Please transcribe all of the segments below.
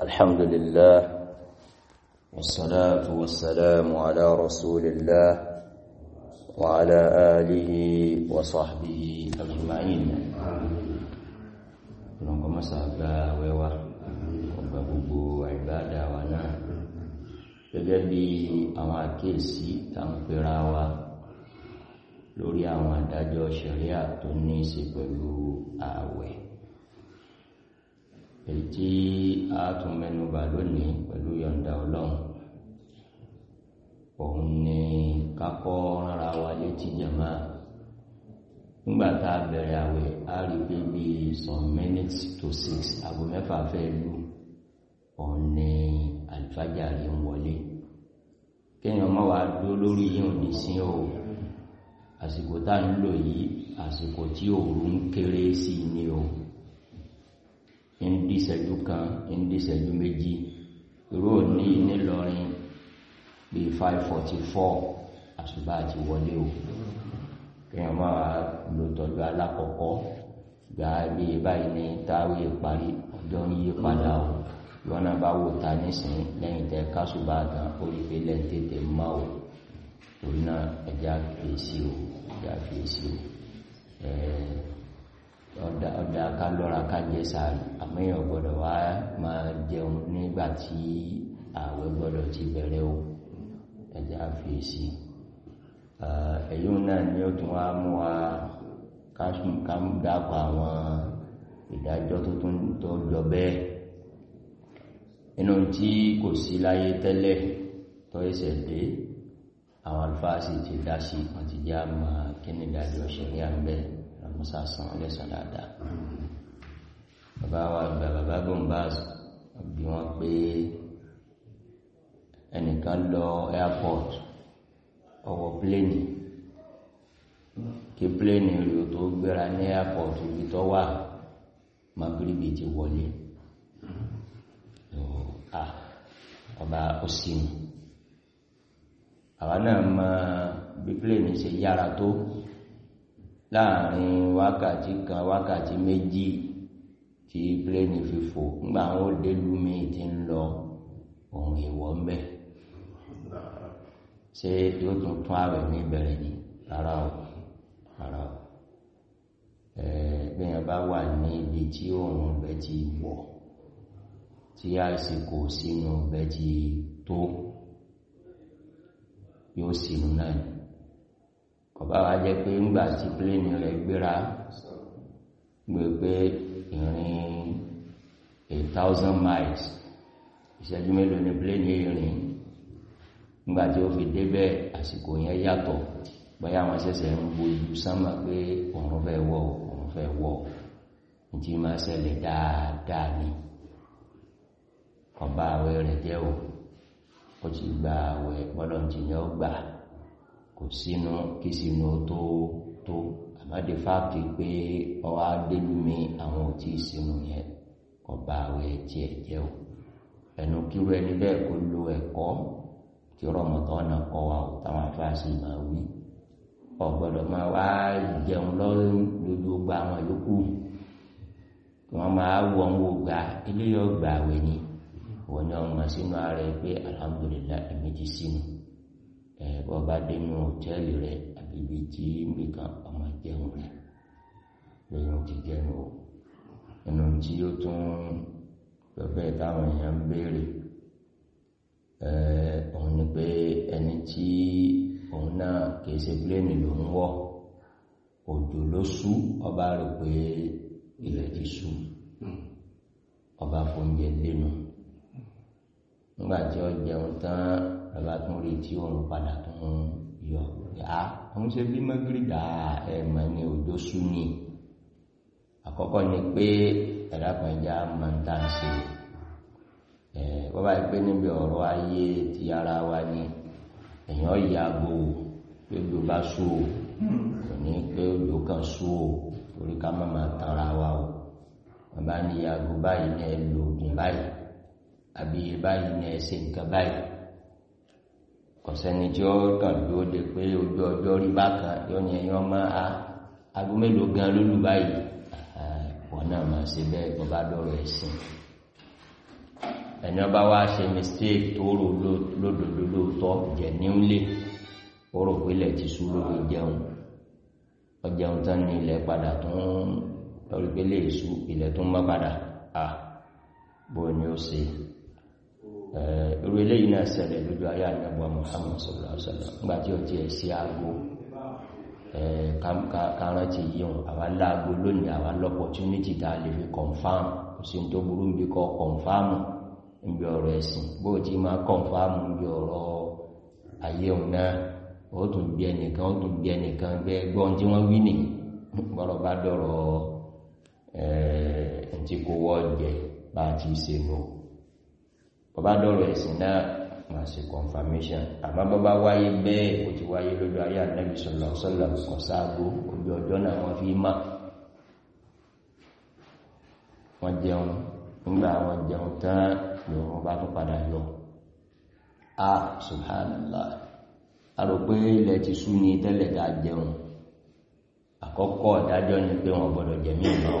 الحمد لله والصلاة والسلام على رسول الله وعلى آله وصحبه أجمعين نقوم سابا ويوا وبابو عبادة وانا تجدي أماكيسي تنقراوا لوري أمان دجو شريعة تنسي بلو آوي èyí tí a tún mẹ́nubà lónìí pẹ̀lú yọ̀ǹda ọlọ́run òun ni kakọ́ rárá wa létí jàmá nígbà tá a bẹ̀rẹ̀ àwẹ̀ a rí pé bí some minutes to six aago mẹ́fà fẹ́ lù òun ni àlùfájà rí ń wọlé kéèyàn má wàá dúró lórí yìí ò ní sí o àsìkò tá a ń lò yìí àsìkò tí òòrùn kéré sí ni o ń di ìṣẹ́jú kan ń di ìṣẹ́jú méjì irú òní nílọrin bíi five forty four àṣùbà àti wọlé o kéèyàn máa lò tọ́jú alákọ̀ọ́kọ́ gbà bí báyìí ní táwí ìparí ọjọ́ ń yí padà o lọ́nà bá wò ta nísìn lẹ́yìn tẹ kásùbà gan orípe lẹ́ńtẹ̀tẹ̀ má o torí náà ẹja fèsì o ẹja fèsì o ẹ̀ẹ́ ọ̀dà ọ̀dà ká lọ́ra ká jẹ sàárì àmẹ́yàn gbọ́dọ̀ wá máa jẹun nígbà tí ààwẹ̀ gbọ́dọ̀ ti bẹ̀rẹ̀ o ẹjẹ́ àfiyèsí ẹ̀yùn náà ni ó tún wá mú wa ká mú dápọ̀ àwọn ìdájọ́ tó tún tó jọ bẹ́ẹ̀ inú tí kò sí láyé tẹ́lẹ̀ tó ẹsẹ̀ dé àwọn alfáàsì ti dá sí àti máa kí ni ìdájọ́ ṣẹ̀rí à bẹ́ẹ̀ musa san ọlẹ́sàn dáadáa bàbá wa ìgbà bàbá gombaz bí wọ́n pé ẹnìkan lọ airport ọwọ́ pléènì kí pléènì rí o tó gbéra ní airport ibi tó wà magribi ti wọlé ah, ọba òsìmù àwa náà mọ bí pléènì ṣe yára tó láàrin wákàtí kan wákàtí méjì tí pílẹ́ẹ̀nì fi ńgbà àwọn òdèlú mi ti ń lọ ohun ìwọ̀ ń bẹ̀ yóò tún tún ààrẹ mi bẹ̀rẹ̀ ni rárá o rárá o bẹ́ẹ̀ bá wà ní ibi tí òun bẹ ti wọ̀ tí àìsìkò sínú bẹ ti tó yóò sínú náà ọba wa jẹ́ pé ńgbà tí pléènì rẹ̀ gbéra gbé ìrìn a thousand miles ìṣẹ́jú mélòó ni pléènì ìrìn ńgbà tí ó fi débẹ̀ àsìkò yẹn yàtọ̀ bóyá wọn ṣẹ̀ṣẹ̀ ń bojú sánmà pé òun fẹ́ wọ̀ òun fẹ́ wọ̀ ìdí máa ṣẹlẹ̀ dáadáa ni ọba àwẹ̀ rẹ̀ jẹ́ o ó ti gba àwẹ̀ bọ́lọ̀ ìjìnlẹ̀ ó gbà á kò sínú kí sínú tó tó àmọ́dé fáàkì pé ọwọ́ adélúmi àwọn ò tí ì sínú yẹn ọba àwẹ̀ tiẹ̀ jẹ́ o ẹnu kíru ẹni bẹ́ẹ̀ kó lo ẹ̀kọ́ tí rọmọtọ́ náà kọ́ wa ò táwọn afáàsì máa wí ọ̀gbọ́dọ̀ máa wá jẹun lọ́rùn lójú gba àwọn yòókù wọ́n máa wọ́n wò gba ilé yóò àwẹ̀ ni wọ́n ní ọmọ sínú ara ẹ pé alhamdulillah ẹ̀mí ti sínú bọ́ bá dé inú hòtẹ́ẹ̀lì rẹ̀ àbí ibi tí nìkan ọmọ jẹun rẹ̀ lóyún ti jẹun o nínú tí ó tún lọ́fẹ́ táwọn èèyàn ń béèrè òun ni pé ẹni tí òun náà kìí ṣe pléènì ló ń wọ̀ òjò ló sú ọba rò pé ilẹ̀ ti sú ọba fóúnjẹ lẹ́nu nígbà tí ó jẹun tán bàbá tún rí tí òun padà tún yọ yá òun ṣe bí mẹ́gírídà ẹ̀mọ̀ ní òjò sú ni àkọ́kọ́ ni pé ẹ̀dàpẹ̀já máa ń tà ń ṣe wọ́n bá pé níbi ọ̀rọ̀ ayé ti ara wa ni èèyàn yàgò pé bí o bá sú o kò ní pé òjò kan sú o torí ká má máa tanra wa o wọ́n bá ní báyìí ní ẹ lo oògùn báyìí àbí báyìí ní ẹ ṣe nǹkan báyìí kọ̀sẹ́ni tí ó kàn dúró de pé ojú ọjọ́ rí bákan yóò ní ẹyin ọmọ a aago mélòó gan lólu báyìí wọn náà máa ṣe bẹ́ẹ̀ bọ́bá dọ̀rọ̀ ẹ̀sìn ẹni ọba wa ṣe mistake tó rò lódodo lóòótọ́ jẹ̀ nílé ó rò pé ilẹ̀ ti sú lórí jẹun ọjẹun tán ní ilẹ̀ padà tó ń lórí pé lè sú ilẹ̀ tó ń bá padà bó ni ó ṣe Eh, irú eléyìí náà ṣẹlẹ̀ lójú ayé àdàbọ̀ Muhammad sallallahu alaihi wasallam nígbà tí ó ti ẹ̀ sí aago eh, kàrán ti yíun àwa lónìí lè fi confam kò sí tó burú níbi kọ confam níbi ọ̀rọ̀ ẹ̀sìn bó ti máa confam níbi ọ̀rọ̀ ayé òun ó tún bí gbẹ bọ́bá dọ̀rọ̀ ẹ̀sìn náà máa ṣe confirmation àmọ́ bọ́bá wáyé bẹ́ẹ̀ kò ti wáyé lójú ayé ànábì sallallahu alaihi wasallam kọ̀ sáàgbó ojú ọjọ́ náà wọ́n fi má wọ́n jẹun nígbà wọ́n jẹun tán ni wọ́n bá tún padà yọ a subhanallah a rò pé ilẹ̀ ti sú ni tẹ́lẹ̀ tá a jẹun àkọ́kọ́ ìdájọ́ ni pé wọ́n gbọ́dọ̀ jẹ̀mí ìmọ̀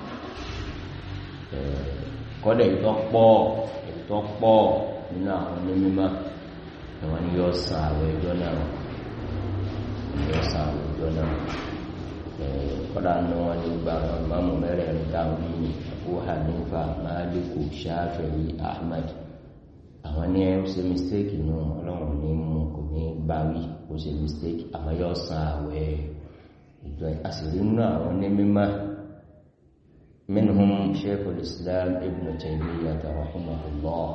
kọ́dẹ̀ ịtọpọ ịtọpọ nínú àwọn onímọ̀ àwọn ni yóò san àwẹ̀ ìjọ náà yóò san àwẹ̀ ìjọ náà kọ́dà ní wọ́n lè gba àwọn ìmáàmù mẹ́rẹ̀ẹ̀rin àwọn ní mistake nù ọlọ́run ní mistake ah, منهم شيخ الإسلام ابن تيمية رحمه الله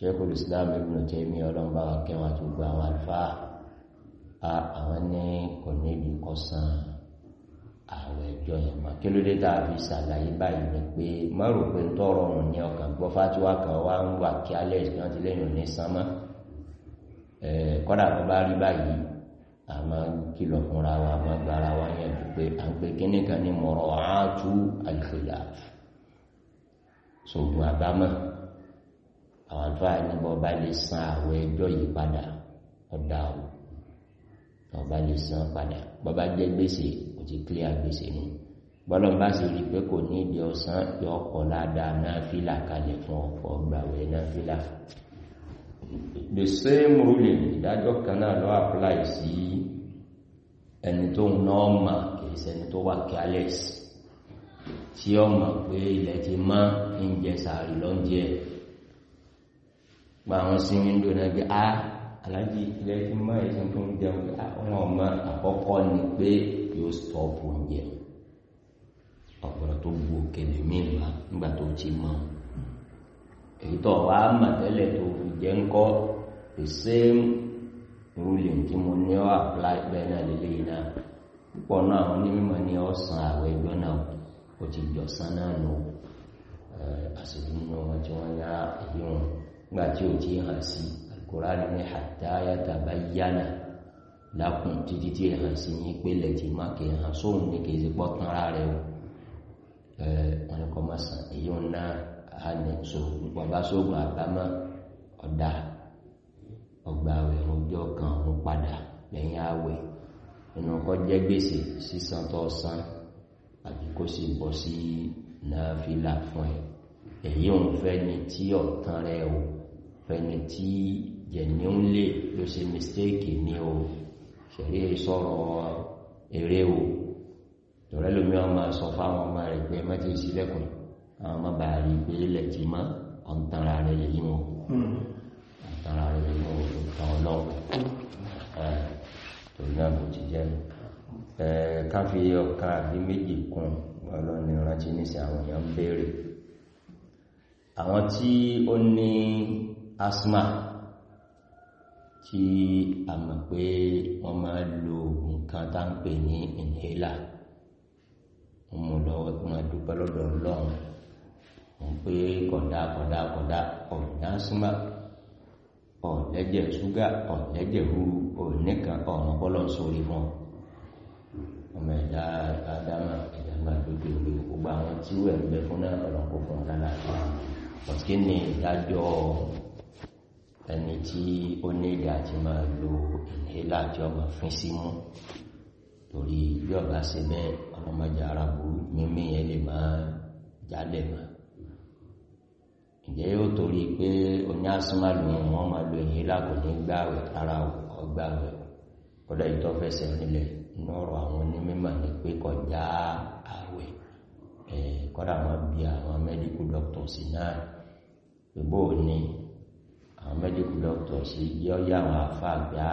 شيخ الإسلام ابن تيمية لما كما تبع والفا أعواني كوني بيقصان ààrẹ ìjọ yẹn mà kí ló dé tá a fi ṣàlàyé báyìí ni pé má rò pé tọrọ ọrùn ni ọkàn gbọ́ fátíwá kan wá ń wà kí alẹ́ ìsìnkàn ti lẹ́yìn òní sánmọ́ kọ́dà tó bá rí báyìí àmọ́ kìlọ̀ fúnra wa àmọ́ gbára àgbẹ̀ àgbẹ̀ kíní kan ní mọ̀rọ̀ áàtú àlùfẹ́lá ṣògùn àbámọ̀ àwọn àlùfáà ní bọ́ọ̀bá lè san àwẹ̀ ẹjọ́ yìí padà ọ̀dà o bọ́ọ̀bá lè san padà bọ́ọ̀bá jẹ́ gbèsè kò ti kílíà gbèsè ni bọ́lọ́n bá sì rí i pé kò ní ìdí ọ̀sán yọ ọkọ̀ ládàá náà fìlà kalẹ̀ fún ọkọ̀ gbàwẹ̀ náà fìlà the same ruling ìdájọ́ kan náà ló apply sí ẹni tó ń nọ́ọ̀mà kìí sẹ́ni tó wà careless tí ó mọ̀ pé ilẹ̀ ti mọ́ oúnjẹ sàárì lọ́njẹ gba àwọn sí wíńdò náà gbé a ah, aláàjì ilẹ̀ ti mọ́ ẹ̀sìn tó ń jẹun pé ah, àwọn ọmọ àkọ́kọ́ ni pé yóò stop oúnjẹ ọ̀pọ̀lọ̀ tó gbó kẹlẹ̀ mìíràn nígbà tó ti mọ́ èyí tó wà mà tẹ́lẹ̀ tó fi jẹ́ ń kọ́ the same ruling tí mo ní ọ́ apply bẹ́ẹ̀ náà lélẹ́yìn náà púpọ̀ náà ní mímọ̀ ní ọ̀sán àwẹ̀ ẹjọ́ náà ó ti jọ̀sán náà nù àṣìdúnú wọn tí wọ́n yá èyí wọn gbà tí ò ti hàn sí Al-Kùránì ní hatta yatabayyana lákùn títí tí hàn sí ní ìpele tí má kì hàn sóhun ní rẹ̀ èyí wọn náà inú kọ́ jẹ́ gbèsè sísan tó san àbí kó sì bọ́ sí náàfílà fún ẹ̀ èyí òun fẹ́ni tí ọ̀tán rẹ̀ o fẹ́ni tí jẹ̀ní ń lè ló ṣe mistake ní o ṣẹ̀rí sọ̀rọ̀ eré o tọ̀rẹ́ lómi ọmọ sọ fáwọn ọmọ rẹ̀ pé mẹ́tí ìsílẹ̀kùn àwọn ọmọ bàá rí pé ilẹ̀ jì mọ́ ọ̀ntara rẹ̀ lè yí wọn hmm. ọ̀ntara rẹ̀ lè wọn ọ̀ntara ọlọ́pàá torí náà ló ti jẹ́ káfí ọ̀ka àbí méjì kún ọlọ́ni rántí nísìn àwọn èèyàn ń béèrè àwọn tí ó ní asma tí a mọ̀ pé wọ́n máa lo nǹkan tá ń pè ní inhaler wọ́n mú lọ́wọ́ tó máa dúpẹ́ lọ́dọ̀ ọlọ́run wọ́n pé kódà kódà kódà ọ̀nà asma ọ̀lẹ́jẹ̀ ṣúgá ọ̀lẹ́jẹ̀ rúrú òníkan ọ̀ràn pọ́lọ̀ sórí wọn ọmọ ẹ̀dá adama ìdàgbà lókè òwe gbogbo àwọn tí ó ẹ̀gbẹ́ fún náà ọ̀ràn kò fún ọ̀dá láti ọ̀tíkí ni ìdájọ́ ẹni tí ó ní ìdí àti máa lo ìhélà tí ọmọ fín sí mú torí bí ọba ṣe bẹ́ẹ̀ ọlọ́mọdé ara burú mímí ẹ lè máa jálẹ̀ máa ǹjẹ́ yóò torí pé oní asúmàlù yẹn wọ́n máa lo èyí lákò ní gbáwẹ̀ ara ọgbàwẹ̀ kọ́dọ̀ ìtọ́ fẹsẹ̀ nílẹ̀ nọ́rọ̀ àwọn onímọ̀ ní pé kọjá àwẹ̀ kọ́dà wọn bí àwọn mẹ́díkù dọ́kítọ̀sì náà gbogbo òní àwọn mẹ́díkù dọ́kítọ̀sì yọ́ yà wọn àfàgbà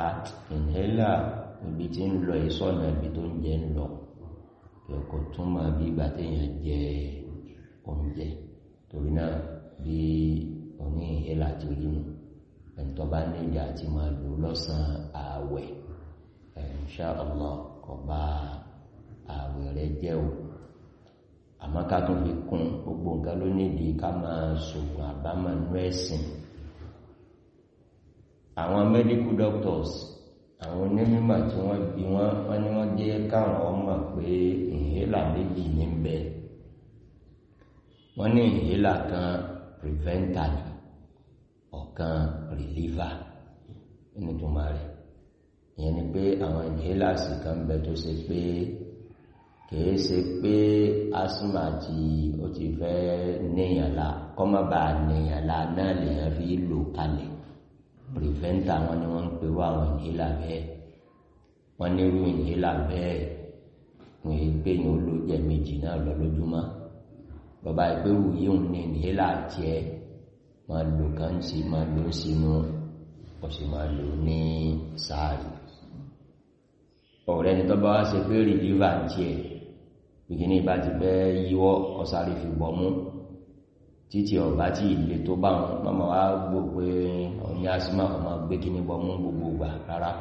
inhaler ibi tí ń lọ ìsọ̀nà ibi tó ń jẹ ń lọ kò túnmọ̀ bí ìgbà téèyàn jẹ oúnjẹ torí náà bí oní ìhélà ti rí nù ẹ̀ntọ́ bá níbi àti máa lò lọ́sàn ààwẹ̀ insha Allah kò bá ààwẹ̀ rẹ̀ jẹ́ o àmọ́ ká tún fi kún gbogbo nǹkan ló nídi ká máa sògùn àbámanú ẹ̀sìn àwọn medical doctors àwọn onímọ̀ tí wọ́n bí wọ́n wọ́n ní wọ́n jẹ́ káwọn ọmọ pé ìhélà méjì ní ń wọ́n ní ìhélà kan preventer ọ̀kan reliever nínú tó máa rẹ̀ ìyẹn ni pé àwọn inhalers kan bẹ tó ṣe pé kìí ṣe pé asthma ti ó ti fẹ́ níyànlá kọ́mọ́bà níyànlá náà lèyàn fi lò kalẹ̀ preventer wọn ni wọ́n ń pe wá àwọn inhaler bẹ́ẹ̀ wọ́n nírú inhaler bẹ́ẹ̀ wọ́n èyí pé ní ó lò jẹ́ méjì náà lọ bàbá ìpérù yíò ní ìhélà jẹ́ ma lò kán sí ma lò sínú ọ̀sẹ̀ ma lò ní sáàrì ọ̀rẹ́ ni tọ́bá wá ṣe pé rìlíva jẹ́ ìgbìní ìbá ti fẹ́ yíwọ́ ọ̀sáré fi bọ̀ mú títí ọ̀bá tí ilé tó bá wọn mọ́mọ́ wá gbò pé ọ̀ní asímà ọmọ gbé kí ní bọ̀ gbogbo gbà rárá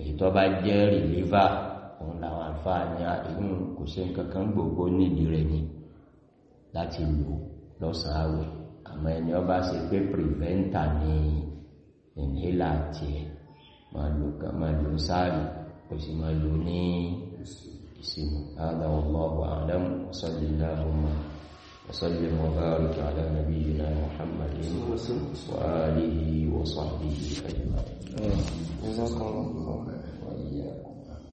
èyí tó bá jẹ́ rìlíva òun làwọn àǹfààní àìyún kò sí nǹkan kan gbogbo nídìí rẹ̀ ni láti lò lọ́sàn àwẹ̀ àmọ́ ẹni ọba ṣe pé pìrìvẹ́ntà ni ìnhélà àti ẹ̀ máa lò kan máa lò sáàrì kò sì máa lò ní ìsinmi هذا والله أعلم وصلى اللهم وسلم وبارك على نبينا محمد وآله وصحبه أجمعين جزاكم الله